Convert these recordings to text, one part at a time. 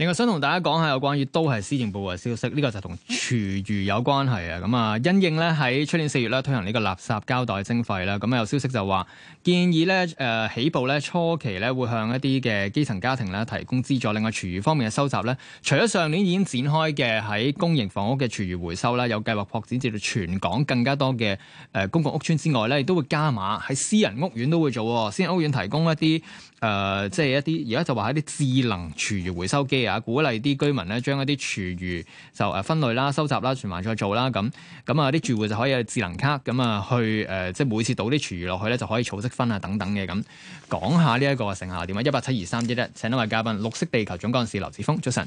另外想同大家講下有關於都係施政報告嘅消息，呢、呢個就同廚餘有關係啊！咁啊，因應咧喺出年四月咧推行呢個垃圾膠袋徵費啦，咁有消息就話建議咧誒起步咧初期咧會向一啲嘅基層家庭咧提供資助。另外廚餘方面嘅收集咧，除咗上年已經展開嘅喺公營房屋嘅廚餘回收啦，有計劃擴展至到全港更加多嘅誒公共屋邨之外咧，亦都會加碼喺私人屋苑都會做。私人屋苑提供一啲誒、呃、即係一啲而家就話係一啲智能廚餘回收機啊！鼓勵啲居民咧，將一啲廚餘就誒分類啦、收集啦、循環再做啦，咁咁啊，啲住戶就可以有智能卡咁啊，去誒，即係每次倒啲廚餘落去咧，就可以儲積分啊，等等嘅咁。講下呢一個成效點啊！一八七二三一一，請一位嘉賓，綠惜地球總幹事劉祉鋒，早晨。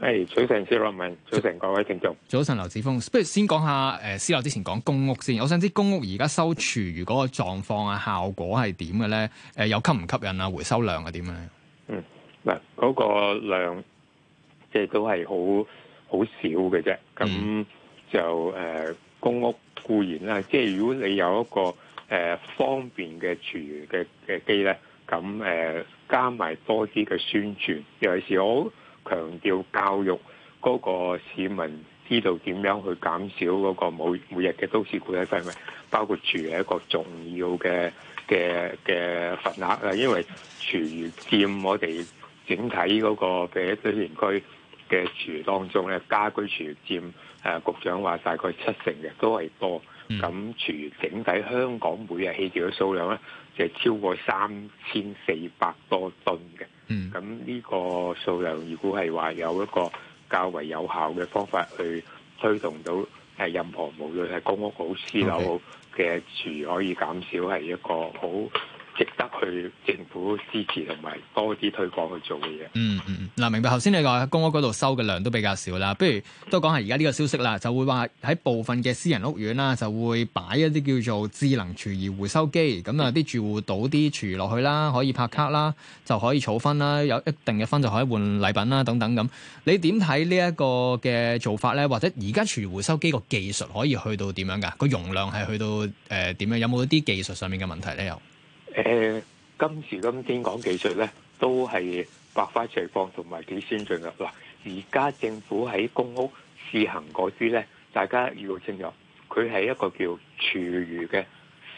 係，早晨，小林明，早晨各位聽眾，早晨，劉祉鋒，不如先講下誒，私樓之前講公屋先。我想知公屋而家收廚餘嗰個狀況啊，效果係點嘅咧？誒，有吸唔吸引啊？回收量係點咧？嗱，嗰個量即係都係好好少嘅啫。咁就誒、呃、公屋固然啦，即係如果你有一個誒、呃、方便嘅廚餘嘅嘅機咧，咁誒、呃、加埋多啲嘅宣傳，尤其是我強調教育嗰、那個市民知道點樣去減少嗰個每每日嘅都市固體廢物，包括廚餘一個重要嘅嘅嘅份額啊，因為廚餘佔我哋。整體嗰個嘅一啲廉居嘅廚餘當中咧，家居廚餘佔誒局長話大概七成嘅都係多。咁廚餘、嗯、整體香港每日棄置嘅數量咧，就係、是、超過三千四百多噸嘅。咁呢、嗯、個數量，如果係話有一個較為有效嘅方法去推動到係任何，無論係公屋好私樓好嘅廚餘，Okay. 廚餘可以減少係一個好。去政府支持同埋多啲推廣去做嘅嘢，嗯。嗯嗯，嗱，明白。頭先你話公屋嗰度收嘅量都比較少啦。不如都講下而家呢個消息啦，就會話喺部分嘅私人屋苑啦，就會擺一啲叫做智能廚餘回收機，咁啊，啲住戶倒啲廚餘落去啦，可以拍卡啦，就可以儲分啦，有一定嘅分就可以換禮品啦，等等咁。你點睇呢一個嘅做法咧？或者而家廚餘回收機個技術可以去到點樣㗎？個容量係去到誒點、呃、樣？有冇一啲技術上面嘅問題咧？有。誒、呃，今時今天講的技術咧，都係百花齊放同埋幾先進噶。嗱，而家政府喺公屋試行嗰啲咧，大家要清楚，佢係一個叫廚餘嘅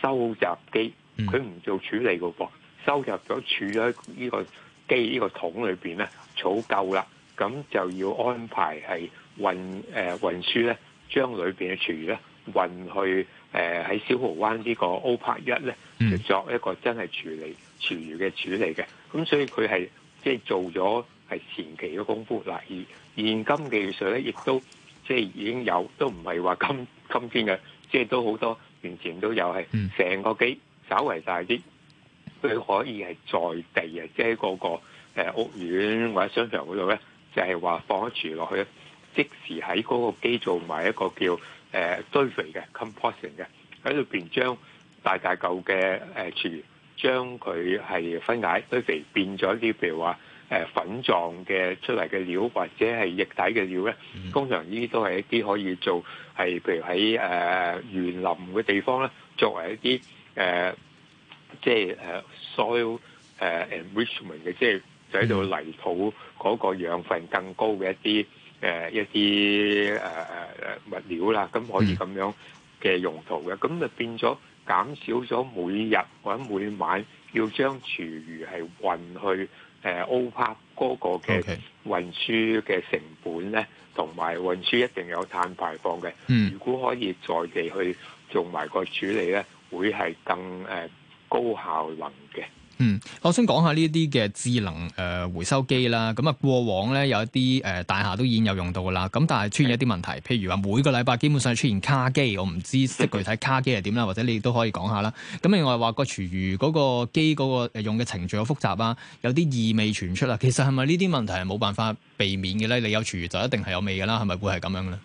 收集機，佢唔做處理嘅噃，收集咗儲咗呢個機呢、呢個桶裏邊咧，儲夠啦，咁就要安排係運誒、呃、運輸咧，將裏邊嘅廚餘咧運去誒喺、呃、小蠔灣個呢個 O·PARK1 咧。嚟、嗯、作一個真係處理廚餘嘅處理嘅，咁所以佢係即係做咗係前期嘅功夫。嗱，現現今嘅技術咧，亦都即係已經有，都唔係話今今天嘅，即、就、係、是、都好多年前都有，係成個機稍為大啲，佢可以係在地啊，即係嗰個、呃、屋苑或者商場嗰度咧，就係、是、話放一廚落去，即時喺嗰個機做埋一個叫誒、呃、堆肥嘅 composting 嘅喺度變將。大大嚿嘅誒廚，將佢係分解，佢哋變咗啲，譬如話誒粉狀嘅出嚟嘅料，或者係液體嘅料咧。通常呢啲都係一啲可以做係，譬如喺誒園林嘅地方咧，作為一啲誒即係誒 soil 誒 enrichment 嘅，即係就喺度泥土嗰個養分更高嘅一啲誒一啲誒誒誒物料啦，咁可以咁樣嘅用途嘅，咁就變咗。減少咗每日或者每晚要將廚餘係運去誒、呃、O Park 嗰個嘅運輸嘅成本咧，同埋運輸一定有碳排放嘅。嗯、如果可以在地去做埋個處理咧，會係更、呃、高效能嘅。嗯，我先講下呢啲嘅智能誒、呃、回收機啦。咁啊，過往咧有一啲誒、呃、大廈都已經有用到噶啦。咁但係出現一啲問題，譬如話每個禮拜基本上出現卡機，我唔知即具體卡機係點啦。 或者你都可以講下啦。咁另外話個廚餘嗰個機嗰個用嘅程序好複雜啊，有啲異味傳出啦。其實係咪呢啲問題係冇辦法避免嘅咧？你有廚餘就一定係有味噶啦，係咪會係咁樣咧？誒、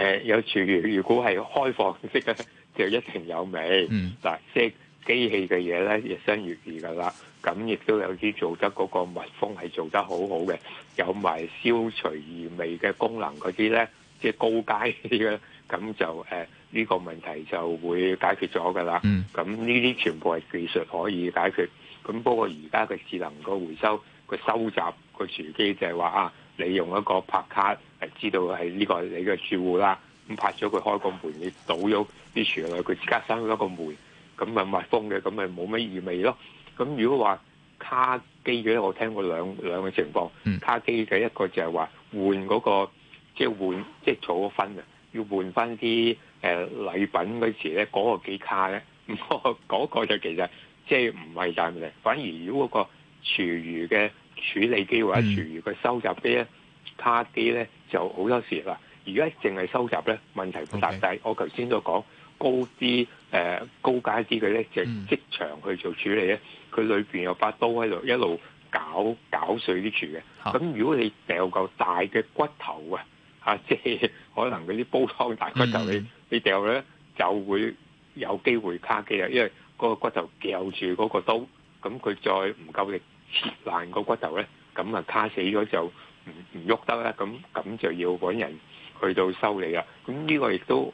呃，有廚餘如果係開放式嘅就一定有味。嗯，即、嗯機器嘅嘢咧，日新月異噶啦。咁亦都有啲做得嗰個密封係做得好好嘅，有埋消除異味嘅功能嗰啲咧，即係高階啲嘅。咁就誒呢、呃呢個問題就會解決咗噶啦。咁呢啲全部係技術可以解決。咁不過而家嘅智能個回收個收集個廚機就係話啊，你用一個拍卡嚟、啊、知道係呢個是你嘅住戶啦。咁、嗯、拍咗佢開個門，你倒咗啲廚餘，佢即刻閂咗個門。咁咪密封嘅，咁咪冇乜異味咯。咁如果話卡機嘅咧，我聽過兩兩個情況。嗯、卡機嘅一個就係話換嗰、那個即係換即係儲分嘅，要換翻啲、呃、禮品嗰時咧，嗰、那個機卡咧，嗰、那個就其實即係唔係大問題。反而如果個廚餘嘅處理機或者廚餘嘅收集機咧、嗯、卡機咧就好多時啦。而家淨係收集咧問題唔大，Okay. 但我頭先都講。高啲誒、呃、高階啲嘅咧，就即、是、場去做處理咧，佢裏、嗯、面有把刀喺度，一路搞搞碎啲廚嘅。咁、啊、如果你掉個大嘅骨頭啊，即係可能嗰啲煲湯大骨頭、嗯、你你掉咧，就會有機會卡機啊，因為嗰個骨頭夾住嗰個刀，咁佢再唔夠力切爛嗰骨頭咧，咁啊卡死咗就唔唔喐得啦。咁咁就要搵人去到修理啦。咁呢個亦都。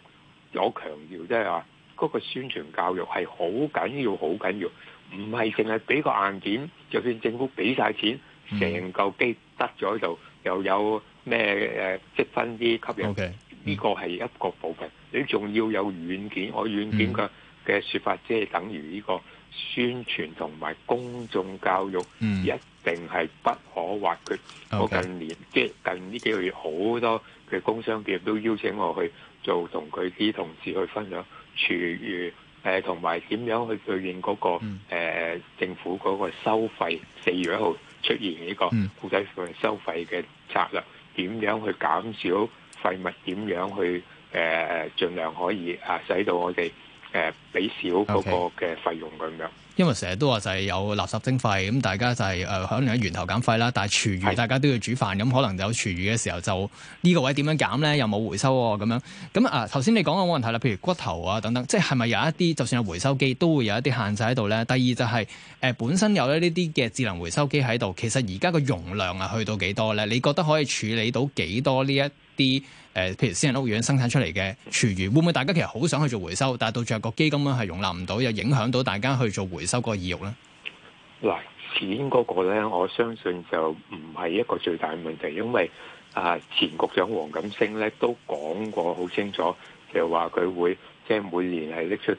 我強調即係話，嗰、那個宣傳教育係好緊要，好緊要，唔係淨係俾個硬件，就算政府俾晒錢，成嚿、嗯、機得咗喺度，又有咩誒、呃、積分啲吸引，呢 Okay, 個係一個部分。嗯、你仲要有軟件，我軟件嘅嘅説法即係等於呢個宣傳同埋公眾教育，嗯、一定係不可或缺。Okay. 我近年即係近呢幾個月，好多嘅工商業都邀請我去做同佢啲同事去分享廚餘，同埋點樣去對應嗰個、嗯呃、政府嗰個收費。四月一號出現呢個固體廢物收費嘅策略，點、嗯、樣去減少廢物？點樣去、呃、盡量可以、啊、使到我哋誒俾少嗰個嘅費用咁樣。Okay. 因為成日都話就係有垃圾徵費，咁大家就係、是、誒、呃、可能喺源頭減費啦，但係廚餘大家都要煮飯，咁的可能有廚餘嘅時候就呢個位點樣減咧？又冇回收喎、哦、咁樣。咁啊頭先你講嘅冇問題啦，譬如骨頭啊等等，即係咪有一啲就算有回收機都會有一啲限制喺度咧？第二就係、是、誒、呃、本身有呢啲嘅智能回收機喺度，其實而家個容量啊去到幾多咧？你覺得可以處理到幾多呢一？啲誒，譬如私人屋苑生產出嚟嘅廚餘，會唔會大家其實好想去做回收，但係到最後個基金咧係容納唔到，又影響到大家去做回收個意欲咧？嗱，錢嗰個咧，我相信就唔係一個最大嘅問題，因為啊，前局長黃錦星咧都講過好清楚，就話、是、佢會即係、就是、每年係拎出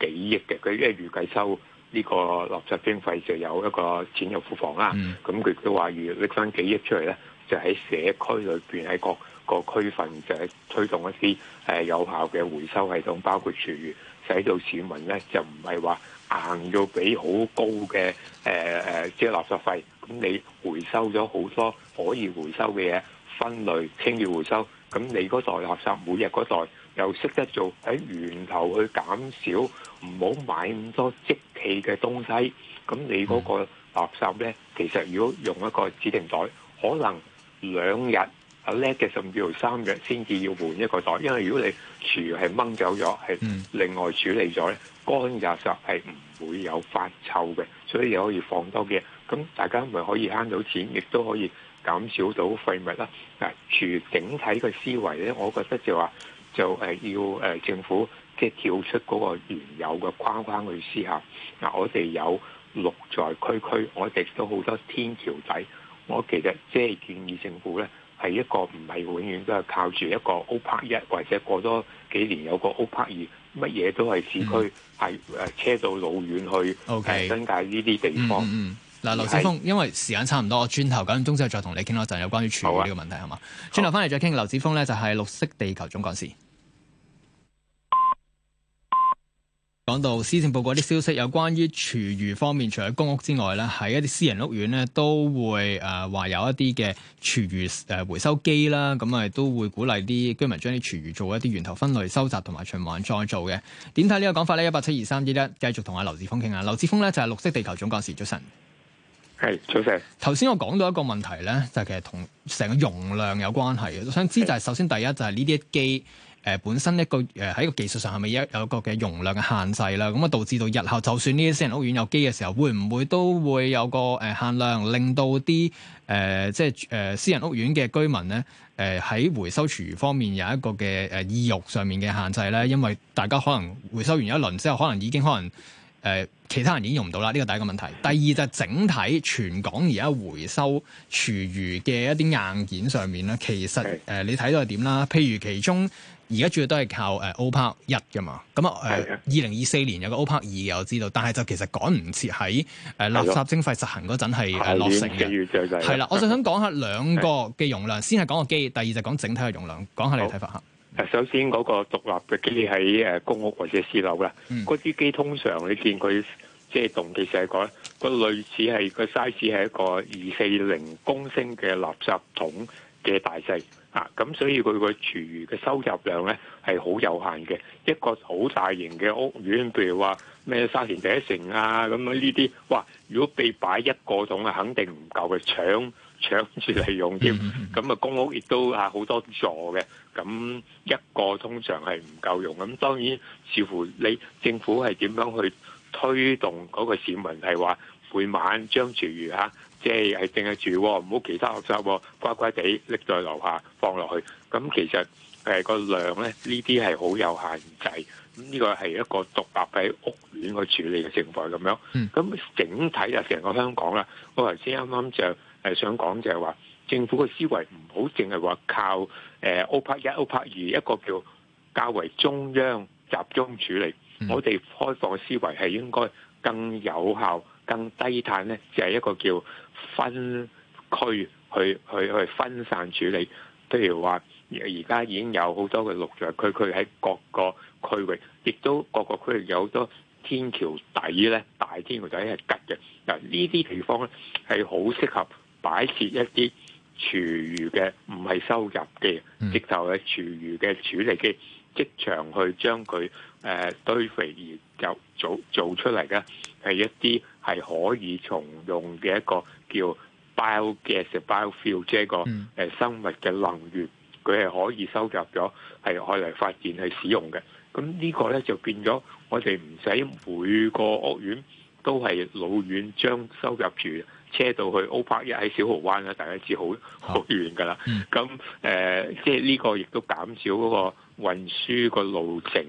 幾億嘅，佢因為預計收呢個垃圾徵費就有一個錢入庫房啦，咁佢都話要拎返幾億出嚟咧，就喺社區裏邊喺個。個區分就係推動一啲誒有效嘅回收系統，包括廚餘，使到市民呢就唔係話硬要俾好高嘅誒誒即垃圾費。咁你回收咗好多可以回收嘅嘢，分類清潔回收。咁你嗰袋垃圾每日嗰袋又識得做喺源頭去減少，唔好買咁多即棄嘅東西。咁你嗰個垃圾呢，其實如果用一個指定袋，可能兩日。啊叻嘅，甚至乎三日先至要換一個袋，因為如果你廚餘係掹走咗，係另外處理咗咧，乾垃圾係唔會有發臭嘅，所以可以放多嘅。咁大家咪可以慳到錢，亦都可以減少到廢物啦。嗱、啊，廚餘整體嘅思維咧，我覺得就話就誒要、呃、政府即係跳出嗰個原有嘅框框去思考。嗱、啊，我哋有六在區區，我哋都好多天橋底，我其實即係建議政府咧。係一個唔係永遠都係靠住一個 o p e c 一，或者過多幾年有個 Opex 二，乜嘢都係市區係誒車到老遠去，新界呢啲地方。嗯嗱，劉、嗯、祉、嗯、鋒，是因為時間差唔多，我轉頭九點鐘之後再同你傾多陣有關於廚餘呢個問題，係嘛、啊？轉頭翻嚟再傾。劉祉鋒咧就係綠惜地球總幹事。講到施政報告啲消息，有關於廚餘方面，除咗公屋之外咧，喺一啲私人屋苑咧，都會誒話有一啲嘅廚餘誒回收機啦，咁啊都會鼓勵啲居民將啲廚餘做一啲源頭分類收集同埋循環再造嘅。點睇呢個講法咧？一八七二三一一，繼續同阿劉祉鋒傾下。劉祉鋒咧就係綠惜地球總幹事主，早晨。係早晨。頭先我講到一個問題咧，就係，其實同成個容量有關係嘅，我想知就係首先第一就係呢啲機。誒、呃、本身一個誒喺個技術上係咪有有一個嘅容量嘅限制啦？咁啊導致到日後就算呢啲私人屋苑有機嘅時候，會唔會都會有個誒限量，令到啲誒、呃、即係誒、呃、私人屋苑嘅居民咧誒喺回收廚餘方面有一個嘅誒、呃、意欲上面嘅限制咧？因為大家可能回收完一輪之後，可能已經可能誒、呃、其他人已經用唔到啦。呢、這個第一個問題。第二就係整體全港而家回收廚餘嘅一啲硬件上面咧，其實誒、呃、你睇到係點啦？譬如其中。而家主要都係靠誒歐泊一嘅嘛，咁啊誒二零二四年有個歐泊二嘅，我知道，但係就其實趕唔切喺誒垃圾徵費實行嗰陣係落成嘅。係啦，我就想講下兩個嘅容量，的先係講個機，第二就講整體嘅容量，講下你嘅睇法嚇。首先嗰個獨立嘅機喺誒公屋或者私樓啦，嗰啲、嗯、機通常你見佢即係同嘅細講，個類似係個 size 係一個二四零公升嘅垃圾桶嘅大細。啊，咁所以佢個廚餘嘅收入量咧係好有限嘅。一個好大型嘅屋苑，譬如話咩沙田第一城啊，咁樣呢啲，哇！如果被擺一個桶，啊，肯定唔夠嘅，搶搶住嚟用添。咁啊公屋亦都啊好多座嘅，咁一個通常係唔夠用。咁當然視乎你政府係點樣去推動嗰個市民係話，每晚將廚餘嚇，即係係淨係廚餘，唔好其他垃圾，乖乖哋拎在樓下放落去。咁其實誒個量咧，呢啲係好有限制。咁呢個係一個獨立喺屋苑去處理嘅情況咁樣。咁整體就成個香港啦。我頭先啱啱就誒想講就係話，政府嘅思維唔好淨係話靠誒 O PARK 一、O PARK 二一個叫較為中央集中處理。我哋開放嘅思維係應該更有效，更低碳呢，就係一個叫分區去去去分散處理。譬如話，而家已經有好多嘅綠在區區，佢喺各個區域，亦都各個區域有好多天橋底呢，大天橋底係吉嘅。嗱，呢啲地方呢，係好適合擺設一啲廚餘嘅，唔係收入嘅，即係就係廚餘嘅處理機。即場去將佢誒、呃、堆肥而就做做出嚟嘅係一啲係可以重用嘅一個叫 gas, bio gas、bio fuel，即係個誒生物嘅能源，佢係可以收集咗係愛嚟發電去使用嘅。咁呢個咧就變咗我哋唔使每個屋苑都係老遠將收集住車到去 O·PARK 1，喺小蠔灣啦，大家知好好遠㗎啦。咁誒、呃，即係呢個亦都減少嗰、那個，運輸個路程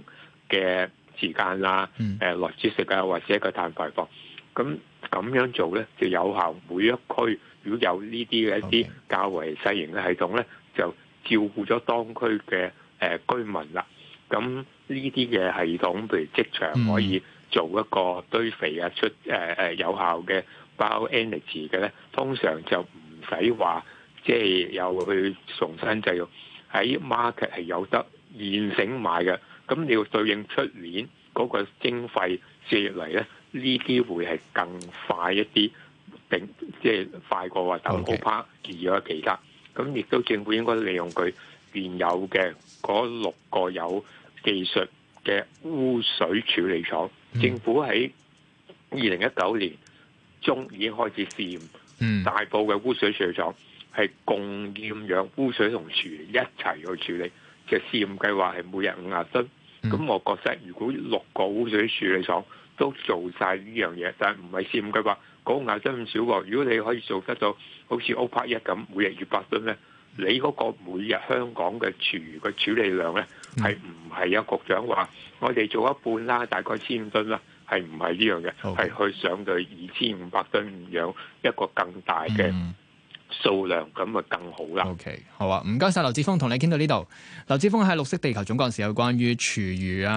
嘅時間啦，誒 logistic 啊，或者個碳排放，咁咁樣做咧就有效。每一區如果有呢啲嘅一啲較為細型嘅系統咧，就照顧咗當區嘅誒居民啦。咁呢啲嘅系統，譬如職場可以做一個堆肥啊，出誒誒有效嘅 bioenergy 嘅咧，通常就唔使話即係又去重新製造喺 market 係有得。現成買嘅，咁你要對應出年嗰個徵費接嚟咧，呢啲會係更快一啲，定即係快過話等好拍而有其他。咁亦都政府應該利用佢現有嘅嗰六個有技術嘅污水處理廠、嗯、政府喺二零一九年中已經開始試驗大埔嘅污水處理廠係共厭氧污水同廚餘一齊去處理。嘅試驗計劃係每日五十噸，咁我覺得如果六個污水處理廠都做曬呢樣嘢，但唔係試驗計劃，嗰五十噸咁少喎。如果你可以做得到好似 O·PARK 1咁每日二百噸呢，你嗰個每日香港嘅廚餘嘅處理量呢，係唔係有局長話我哋做一半啦，大概千噸啦，係唔係呢樣嘅？係去上到二千五百噸，咁樣一個更大嘅。數量咁啊，更好啦。O、okay, K，好啊，唔該晒劉祉鋒同你傾到呢度。劉祉鋒喺綠惜地球總幹事，有關於廚餘啊。